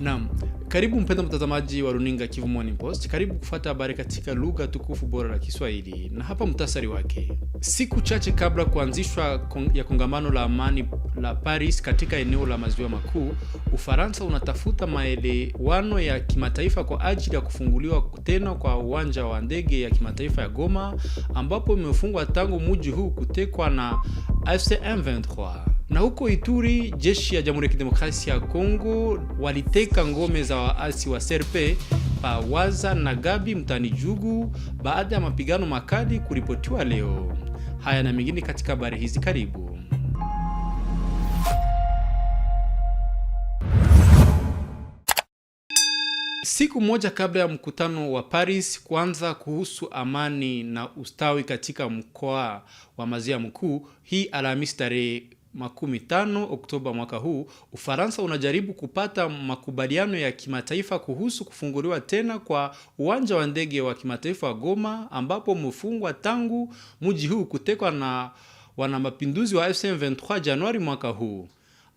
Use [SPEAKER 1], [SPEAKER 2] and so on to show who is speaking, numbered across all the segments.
[SPEAKER 1] Naam, karibu mpenda mtazamaji wa runinga Kivu Morning Post, karibu kufata habari katika lugha tukufu bora la Kiswahili, na hapa mtasari wake. Siku chache kabla kuanzishwa ya kongamano la amani la Paris katika eneo la maziwa makuu, Ufaransa unatafuta maelewano ya kimataifa kwa ajili ya kufunguliwa tena kwa uwanja wa ndege ya kimataifa ya Goma ambapo imefungwa tangu muji huu kutekwa na fcm 23 na huko Ituri, jeshi ya Jamhuri ya Kidemokrasia ya Kongo waliteka ngome za waasi wa serpe pawaza na Gabi mtani Jugu baada ya mapigano makali kuripotiwa leo. Haya na mengine katika habari hizi, karibu. Siku moja kabla ya mkutano wa Paris kuanza kuhusu amani na ustawi katika mkoa wa mazia mkuu hii Alhamisi tarehe makumi tano Oktoba mwaka huu, Ufaransa unajaribu kupata makubaliano ya kimataifa kuhusu kufunguliwa tena kwa uwanja wa ndege wa kimataifa wa Goma, ambapo umefungwa tangu mji huu kutekwa na wanamapinduzi wa AFC M23 Januari mwaka huu.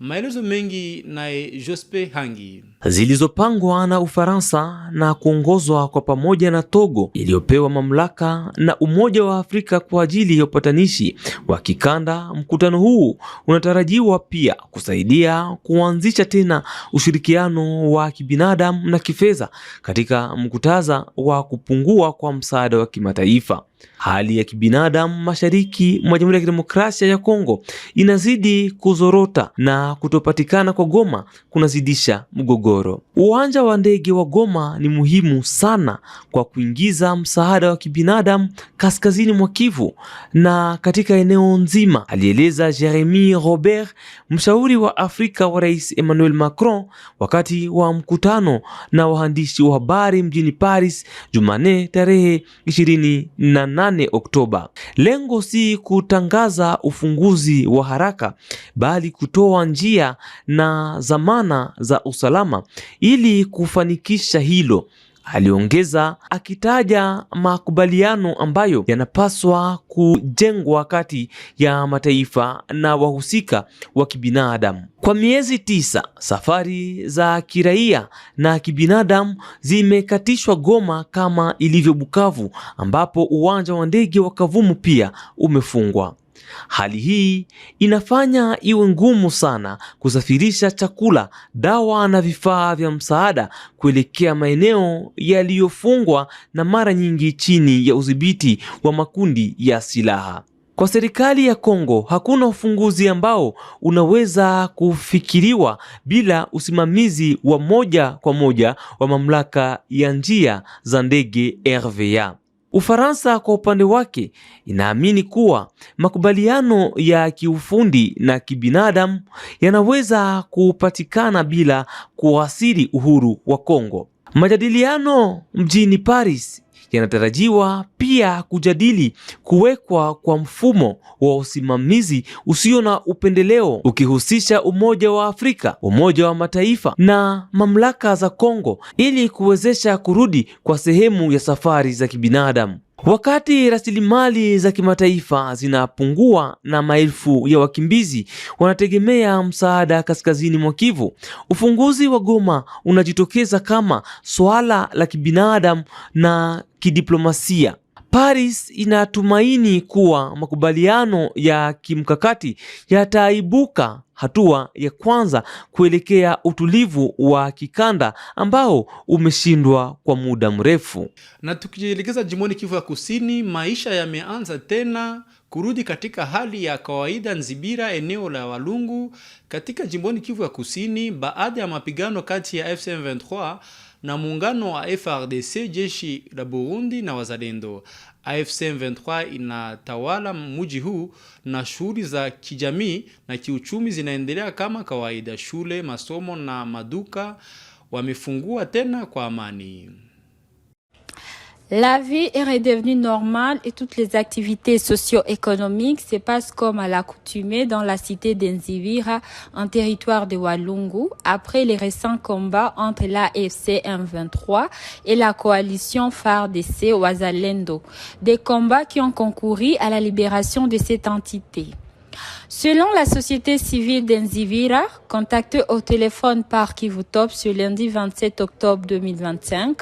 [SPEAKER 1] Maelezo mengi naye Jospe Hangi.
[SPEAKER 2] Zilizopangwa na Ufaransa na kuongozwa kwa pamoja na Togo iliyopewa mamlaka na Umoja wa Afrika kwa ajili ya upatanishi wa kikanda. Mkutano huu unatarajiwa pia kusaidia kuanzisha tena ushirikiano wa kibinadamu na kifedha katika mkutaza wa kupungua kwa msaada wa kimataifa. Hali ya kibinadamu mashariki mwa Jamhuri ya Kidemokrasia ya Kongo inazidi kuzorota na kutopatikana kwa Goma kunazidisha mgogoro. Uwanja wa ndege wa Goma ni muhimu sana kwa kuingiza msaada wa kibinadamu kaskazini mwa Kivu na katika eneo nzima, alieleza Jeremy Robert, mshauri wa Afrika wa Rais Emmanuel Macron wakati wa mkutano na waandishi wa habari mjini Paris Jumanne tarehe 28 8 Oktoba. Lengo si kutangaza ufunguzi wa haraka, bali kutoa njia na zamana za usalama ili kufanikisha hilo. Aliongeza akitaja makubaliano ambayo yanapaswa kujengwa kati ya mataifa na wahusika wa kibinadamu. Kwa miezi tisa, safari za kiraia na kibinadamu zimekatishwa Goma kama ilivyo Bukavu, ambapo uwanja wa ndege wa Kavumu pia umefungwa. Hali hii inafanya iwe ngumu sana kusafirisha chakula, dawa na vifaa vya msaada kuelekea maeneo yaliyofungwa na mara nyingi chini ya udhibiti wa makundi ya silaha. Kwa serikali ya Kongo hakuna ufunguzi ambao unaweza kufikiriwa bila usimamizi wa moja kwa moja wa mamlaka ya njia za ndege RVA. Ufaransa kwa upande wake inaamini kuwa makubaliano ya kiufundi na kibinadamu yanaweza kupatikana bila kuasiri uhuru wa Kongo. Majadiliano mjini Paris yanatarajiwa pia kujadili kuwekwa kwa mfumo wa usimamizi usio na upendeleo ukihusisha Umoja wa Afrika, Umoja wa Mataifa na mamlaka za Kongo ili kuwezesha kurudi kwa sehemu ya safari za kibinadamu. Wakati rasilimali za kimataifa zinapungua na maelfu ya wakimbizi wanategemea msaada kaskazini mwa Kivu, ufunguzi wa Goma unajitokeza kama swala la kibinadamu na kidiplomasia. Paris inatumaini kuwa makubaliano ya kimkakati yataibuka hatua ya kwanza kuelekea utulivu wa kikanda ambao umeshindwa kwa muda mrefu.
[SPEAKER 1] Na tukijielekeza jimboni Kivu ya Kusini, maisha yameanza tena kurudi katika hali ya kawaida Nzibira, eneo la Walungu katika jimboni Kivu ya Kusini, baada ya mapigano kati ya FCM23 na muungano wa FRDC, jeshi la Burundi na wazalendo. AFC M23 inatawala mji huu na shughuli za kijamii na kiuchumi zinaendelea kama kawaida. Shule, masomo na maduka wamefungua tena kwa amani.
[SPEAKER 3] La vie est redevenue normale et toutes les activités socio-économiques se passent comme à l'accoutumée dans la cité d'Enzivira, en territoire de Walungu, après les récents combats entre l'AFC M23 et la coalition FARDC Ouazalendo, des combats qui ont concouru à la libération de cette entité. Selon la société civile d'Enzivira, contactée au téléphone par Kivutop ce lundi 27 octobre 2025,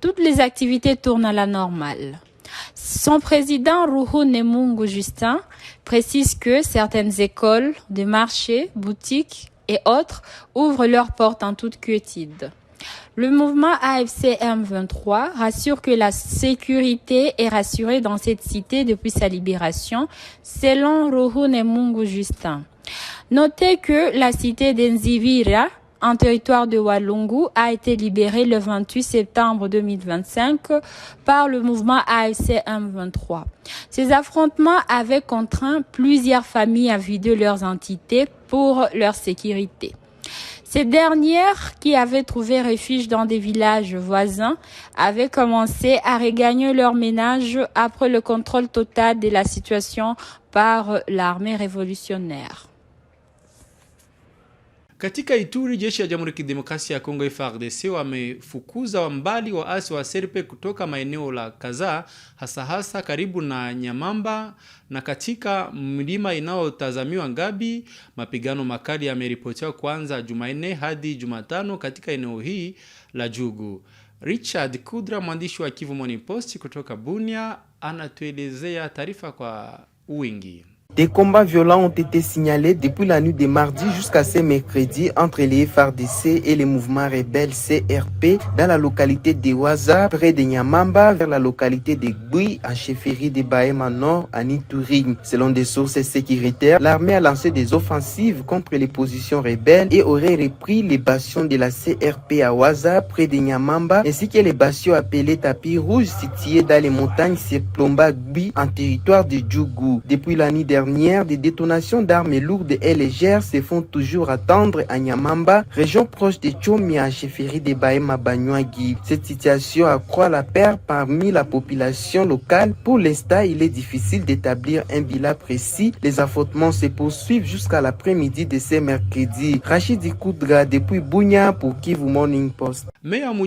[SPEAKER 3] toutes les activités tournent à la normale. Son président Ruhu Nemungu Justin précise que certaines écoles, des marchés, boutiques et autres ouvrent leurs portes en toute quiétude. Le mouvement AFCM 23 rassure que la sécurité est rassurée dans cette cité depuis sa libération, selon Rohun Mungu Justin. Notez que la cité d'Enzivira, en territoire de Walungu, a été libérée le 28 septembre 2025 par le mouvement AFCM 23 Ces affrontements avaient contraint plusieurs familles à vider leurs entités pour leur sécurité. Ces dernières, qui avaient trouvé refuge dans des villages voisins, avaient commencé à regagner leur ménage après le contrôle total de la situation par l'armée révolutionnaire.
[SPEAKER 1] Katika Ituri, jeshi ya Jamhuri ya Kidemokrasia ya Kongo FARDC wamefukuza wa mbali waasi wa Serpe kutoka maeneo la kadhaa, hasa hasa karibu na Nyamamba na katika mlima inayotazamiwa Ngabi. Mapigano makali yameripotiwa kuanza Jumanne hadi Jumatano katika eneo hii la Jugu. Richard Kudra, mwandishi wa Kivu Morning Post kutoka Bunia, anatuelezea taarifa kwa wingi.
[SPEAKER 4] Des combats violents ont été signalés depuis la nuit de mardi jusqu'à ce mercredi entre les FRDC et les mouvements rebelles CRP dans la localité de Waza, près de Nyamamba, vers la localité de Gwi en chefferie de Bahema Nord, à nitouring Selon des sources sécuritaires, l'armée a lancé des offensives contre les positions rebelles et aurait repris les bastions de la CRP à Waza, près de Nyamamba, ainsi que les bastions appelés tapis rouges situés dans les montagnes Seplomba Gui en territoire de Djougou. Depuis la nuit des détonations d'armes lourdes et légères se font toujours attendre à Nyamamba, région proche de Chomia, à de Baema Banyuagi. Cette situation accroît la perte parmi la population locale. Pour l'instant, il est difficile d'établir un bilan précis. Les affrontements se poursuivent jusqu'à l'après-midi de ce mercredi. Rachid depuis Bounia pour Kivu Morning Post.
[SPEAKER 1] Meya à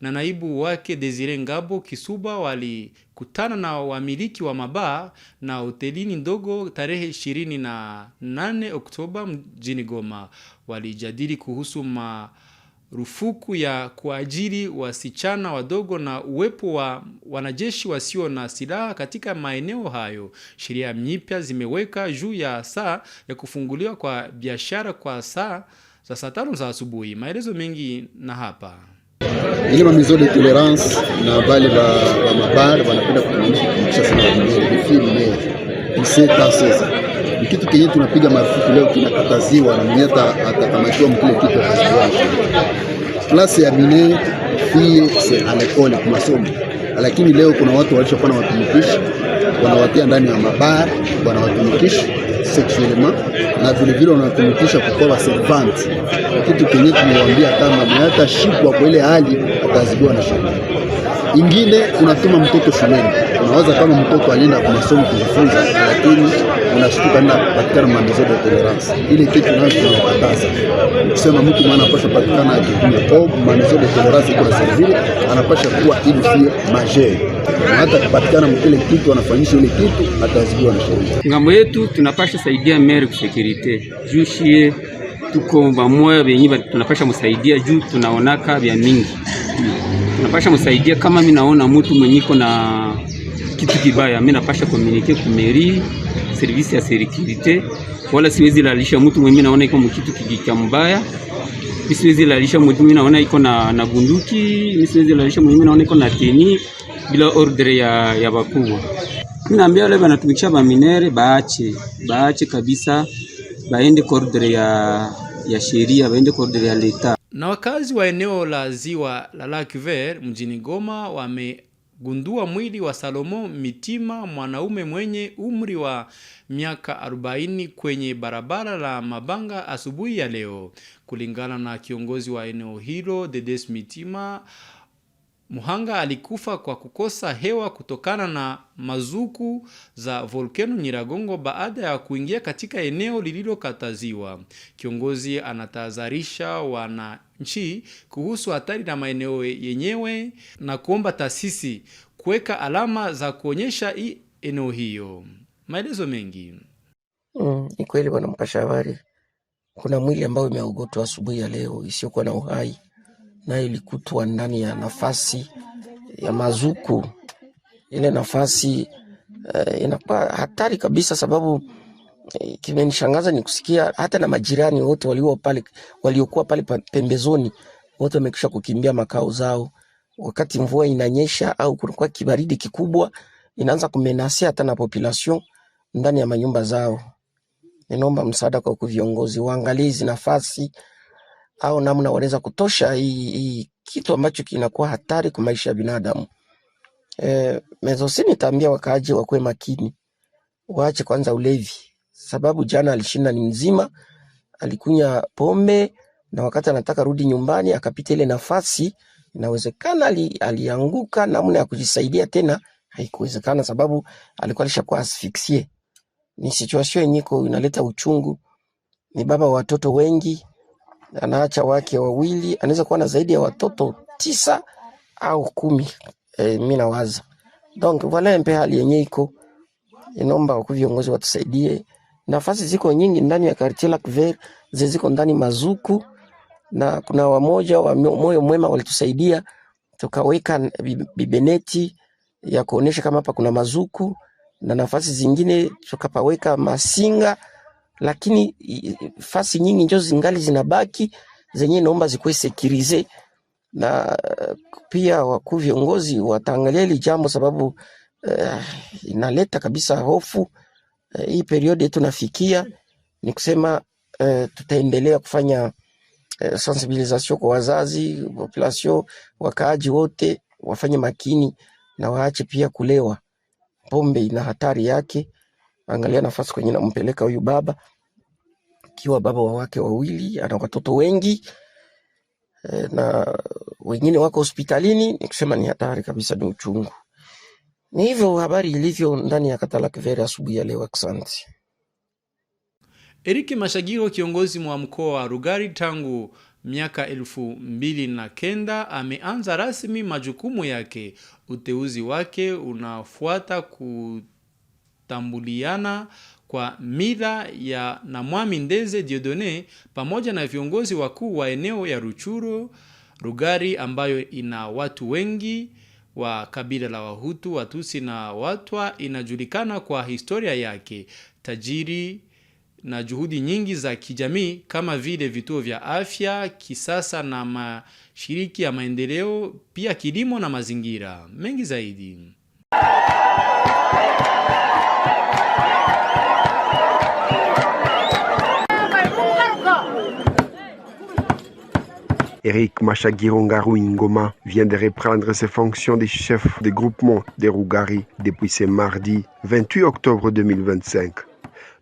[SPEAKER 1] na wake Ngabo Kisuba wali kutana na wamiliki wa mabaa na hotelini ndogo tarehe 28 Oktoba mjini Goma. Walijadili kuhusu marufuku ya kuajiri wasichana wadogo na uwepo wa wanajeshi wasio na silaha katika maeneo hayo. Sheria mpya zimeweka juu ya saa ya kufunguliwa kwa biashara kwa saa za saa tano za asubuhi. Maelezo mengi na hapa ile mamizo de tolerance na bale ba mabara wanapenda kuisha sana ni fili Ni kitu kenye tunapiga marufuku leo, kinakataziwa na mwenye atakamatiwa mkile kitu klasi ya mine fie se alekole kumasomo, lakini leo kuna watu walishakuwa na watumikisha wanawatia ndani ya mabar, wanawatumikisha sexuellement na vilevile wanatumikisha kukuwa
[SPEAKER 5] waservanti, kitu kenye tumewaambia kama atashikwa kwa ile hali atazibiwa na sheria. Ingine unatuma mtoto shuleni, unawaza kama mtoto alienda kwa masomo kujifunza, lakini unashtuka na patikana mamizodo ya tolerance. Ile kitu nayo tunakataza kusema mtu mwana anapasha patikana akitumia au mamizodo ya tolerance iko na serivile, anapasha kuwa ili fie majeur hata kupatikana mkile kitu anafanyisha ile kitu atazibiwa na sheria. Ngambo yetu tunapasha saidia mere kusekirite juu shie tuko bamoya benyi tunapasha msaidia juu tunaonaka vya mingi, tunapasha msaidia. Kama mimi naona mtu mwenyiko na kitu kibaya, mimi napasha kumeri servisi ya sekirite, wala siwezi lalisha mtu mwenye naona iko mkitu kikika mbaya siwezi lalisha mtu mimi naona iko na, na bunduki. siwezi lalisha mwenye naona iko na teni bila ordre ya, ya wakubwa. Mimi naambia wale wanatumikisha baminere baache, baache kabisa, baende kwa ordre ya, ya sheria, baende kwa ordre ya leta.
[SPEAKER 1] Na wakazi wa eneo la ziwa la Lac Vert mjini Goma wame gundua mwili wa Salomo Mitima, mwanaume mwenye umri wa miaka 40 kwenye barabara la Mabanga asubuhi ya leo. Kulingana na kiongozi wa eneo hilo Dedes Mitima, Muhanga alikufa kwa kukosa hewa kutokana na mazuku za volkeno Nyiragongo baada ya kuingia katika eneo lililokataziwa. Kiongozi anatahadharisha wananchi kuhusu hatari na maeneo yenyewe na kuomba taasisi kuweka alama za kuonyesha hii eneo hiyo. Maelezo mengi
[SPEAKER 6] mm, ni kweli bwana mpasha habari, kuna mwili ambao imeogotwa asubuhi ya leo isiyokuwa na uhai nayo ilikutwa ndani ya nafasi ya mazuku. Ile nafasi uh, inakuwa hatari kabisa, sababu uh, kimenishangaza ni kusikia hata na majirani wote walio pale waliokuwa pale pembezoni wote wamekisha kukimbia makao zao. Wakati mvua inanyesha au kunakuwa kibaridi kikubwa, inaanza kumenasia hata na population ndani ya manyumba zao. Ninaomba msaada kwa viongozi waangalie hizi nafasi au namna wanaweza kutosha hii, hii kitu ambacho kinakuwa hatari kwa maisha ya binadamu. E, Mezosini nitaambia wakaaji wakuwe makini, waache kwanza ulevi, sababu jana alishinda ni mzima, alikunya pombe na wakati anataka rudi nyumbani akapita ile nafasi, inawezekana ali, alianguka. Namna ya kujisaidia tena haikuwezekana, sababu alikuwa alishakuwa asfiksie. Ni situation yenye inaleta uchungu, ni baba wa watoto wengi anaacha wake wawili, anaweza kuwa na zaidi ya watoto tisa au kumi. E, mimi nawaza donc wala mpe hali yenye iko inomba e, kwa viongozi watusaidie. Nafasi ziko nyingi ndani ya quartier la Kver ziko ndani Mazuku, na kuna wamoja wa moyo mwema walitusaidia tukaweka bibeneti ya kuonesha kama hapa kuna Mazuku, na nafasi zingine tukapaweka Masinga lakini fasi nyingi njo zingali zinabaki zenye naomba zikuwe sekirize, na pia wakuu viongozi wataangalia hili jambo sababu uh, inaleta kabisa hofu uh, hii periodi yetu nafikia ni kusema uh, tutaendelea kufanya uh, sensibilisation kwa wazazi, populasio wakaaji wote wafanye makini na waache pia kulewa. Pombe ina hatari yake Angalia nafasi kwenye nampeleka huyu baba, akiwa baba wa wake wawili, ana watoto wengi eh, na wengine wako hospitalini, nikusema ni hatari kabisa, ni uchungu. Ni hivyo habari ilivyo ndani ya Katala Kivere asubuhi ya leo. Asante
[SPEAKER 1] Eric Mashagiro, kiongozi mwa mkoa wa Rugari tangu miaka elfu mbili na kenda ameanza rasmi majukumu yake. Uteuzi wake unafuata ku kutambuliana kwa mila ya mwami Ndeze Diodone pamoja na viongozi wakuu wa eneo ya Ruchuru Rugari ambayo ina watu wengi wa kabila la Wahutu, Watusi na Watwa. Inajulikana kwa historia yake tajiri na juhudi nyingi za kijamii kama vile vituo vya afya kisasa na mashiriki ya maendeleo, pia kilimo na mazingira mengi zaidi.
[SPEAKER 7] Eric Machagirongaru Ngoma vient de reprendre ses fonctions de chef de groupement des Rougari depuis ce mardi 28 octobre 2025.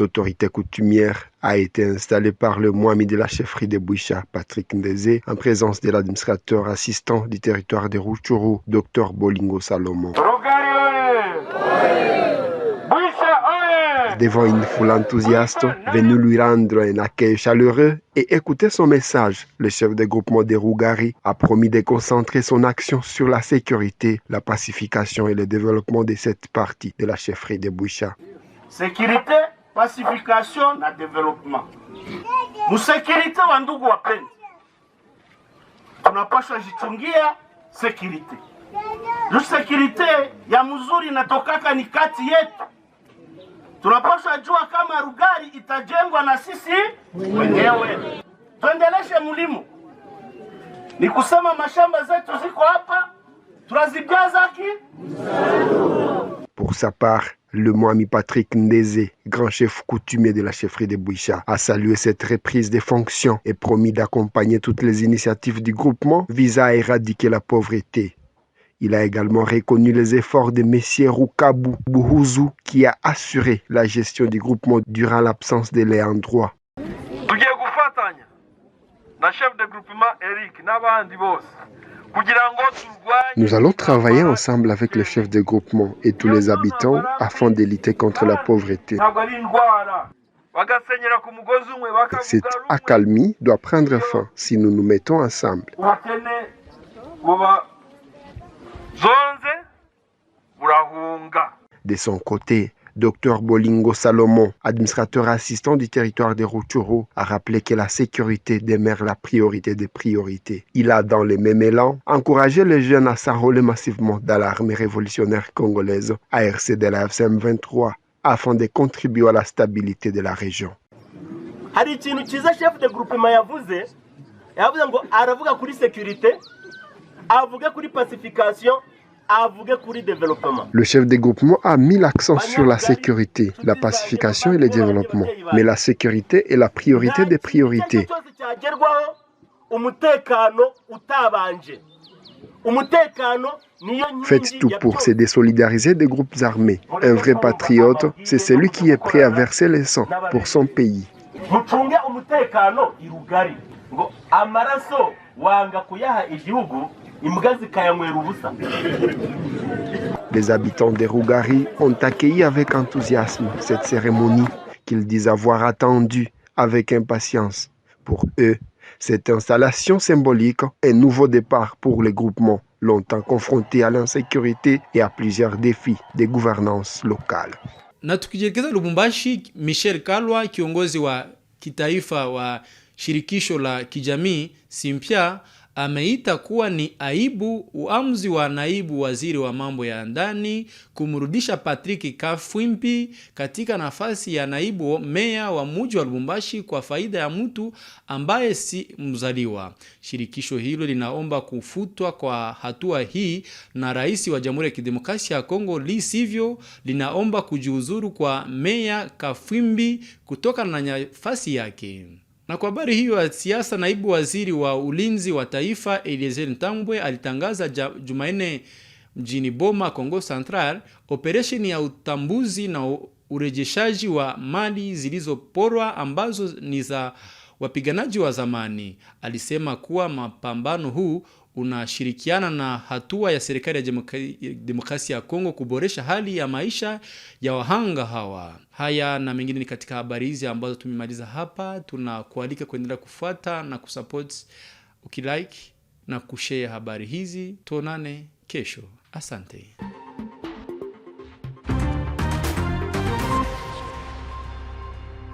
[SPEAKER 7] L'autorité coutumière a été installée par le moami de la chefferie de Boucha, Patrick Ndezé, en présence de l'administrateur assistant du territoire des Rouchourou, Dr Bolingo Salomon devant une foule enthousiaste, venu lui rendre un accueil chaleureux et écouter son message. Le chef de groupement des Rougari a promis de concentrer son action sur la sécurité, la pacification et le développement de cette partie de la chefferie de Boucha.
[SPEAKER 8] Sécurité, pacification et développement. Nous sécurité On pas pas changé de sécurité. Nous sécurité ya Tokaka, natokaka ni kati yet. Pour
[SPEAKER 7] sa part Le Moami Patrick Ndeze, grand chef coutumier de la chefferie de Bouicha, a salué cette reprise des fonctions et promis d'accompagner toutes les initiatives du groupement visant à éradiquer la pauvreté. Il a également reconnu les efforts de messieurs Rukabu Buhuzu qui a assuré la gestion du groupement durant l'absence de droit. Nous allons travailler ensemble avec le chef de groupement et tous les habitants afin de lutter contre la pauvreté. Cette accalmie doit prendre fin si nous nous mettons ensemble. De son côté, Dr Bolingo Salomon, administrateur assistant du territoire de Rutshuru, a rappelé que la sécurité demeure la priorité des priorités. Il a, dans le même élan, encouragé les jeunes à s'enrôler massivement dans l'armée révolutionnaire congolaise, ARC de la FCM23, afin de contribuer à la stabilité de la région. chef de le chef des groupements a mis l'accent sur la sécurité, la pacification et le développement. Mais la sécurité est la priorité des priorités. Faites tout pour se désolidariser des groupes armés. Un vrai patriote, c'est celui qui est prêt à verser les sang pour son pays. Les habitants de Rougari ont accueilli avec enthousiasme cette cérémonie qu'ils disent avoir attendue avec impatience. Pour eux, cette installation symbolique est un nouveau départ pour les groupements longtemps confrontés à l'insécurité et à plusieurs défis des gouvernances locales.
[SPEAKER 1] Na Lubumbashi, Michel Kalwa, kiongozi wa kitaifa wa shirikisho la kijamii ameita kuwa ni aibu uamuzi wa naibu waziri wa mambo ya ndani kumrudisha Patrick Kafwimpi katika nafasi ya naibu meya wa mji wa Lubumbashi kwa faida ya mtu ambaye si mzaliwa. Shirikisho hilo linaomba kufutwa kwa hatua hii na rais wa Jamhuri ya Kidemokrasia ya Kongo, lisivyo linaomba kujiuzuru kwa meya Kafwimbi kutoka na nafasi yake. Na kwa habari hiyo ya siasa, naibu waziri wa ulinzi wa taifa Eliezer Ntambwe alitangaza ja, Jumanne mjini Boma, Kongo Central, operesheni ya utambuzi na urejeshaji wa mali zilizoporwa ambazo ni za wapiganaji wa zamani. Alisema kuwa mapambano huu unashirikiana na hatua ya serikali ya demokrasia ya Kongo kuboresha hali ya maisha ya wahanga hawa. Haya na mengine ni katika habari hizi ambazo tumemaliza hapa. Tunakualika kuendelea kufuata na kusupport ukilike na kushare habari hizi. Tuonane kesho, asante.